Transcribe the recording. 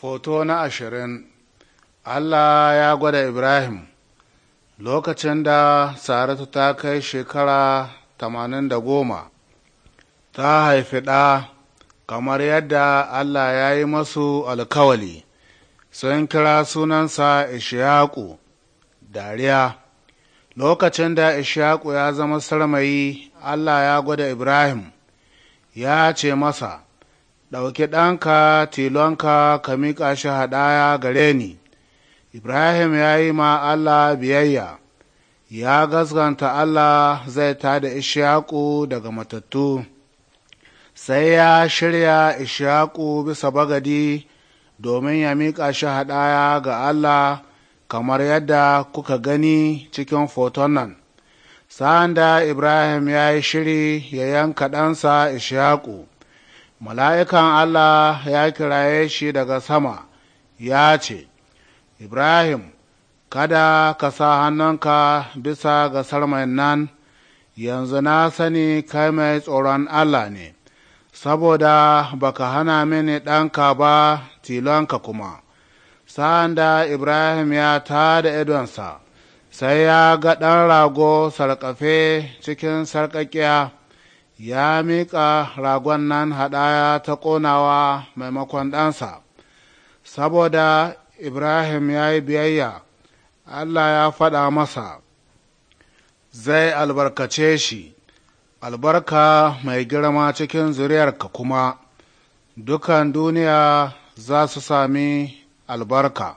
Foto na ashirin Allah ya gwada Ibrahim lokacin da Saratu ta kai shekara tamanin da goma, ta haifi ɗa kamar yadda Allah ya yi masu alkawali, sun kira sunansa Ishaku, dariya. Lokacin da Ishaku ya zama sarmayi, Allah ya gwada Ibrahim, ya ce masa, ɗauki ɗanka tilonka ka miƙa shi haɗaya gare ni ibrahim ya yi ma allah biyayya ya gaskanta allah zai ta da ishaku daga matattu sai ya shirya ishaku bisa bagadi domin ya miƙa shi haɗaya ga allah kamar yadda kuka gani cikin foton nan sa'an da ibrahim ya yi shiri ya yanka ɗansa ishaku mala'ikan Allah ya kiraye shi daga sama ya ce, Ibrahim, kada ka sa hannunka bisa ga mai nan, yanzu na sani kai mai tsoron Allah ne, saboda baka hana mini ɗanka ba tilonka kuma. Sa'an da Ibrahim ya ta da idonsa, sai ya ga ɗan rago sarƙafe cikin sarƙaƙiya. ya miƙa ragon nan haɗaya ta ƙonawa maimakon ɗansa, saboda Ibrahim ya yi biyayya, Allah ya faɗa masa, zai albarkace shi, albarka mai girma cikin zuriyarka kuma, dukan duniya za su sami albarka.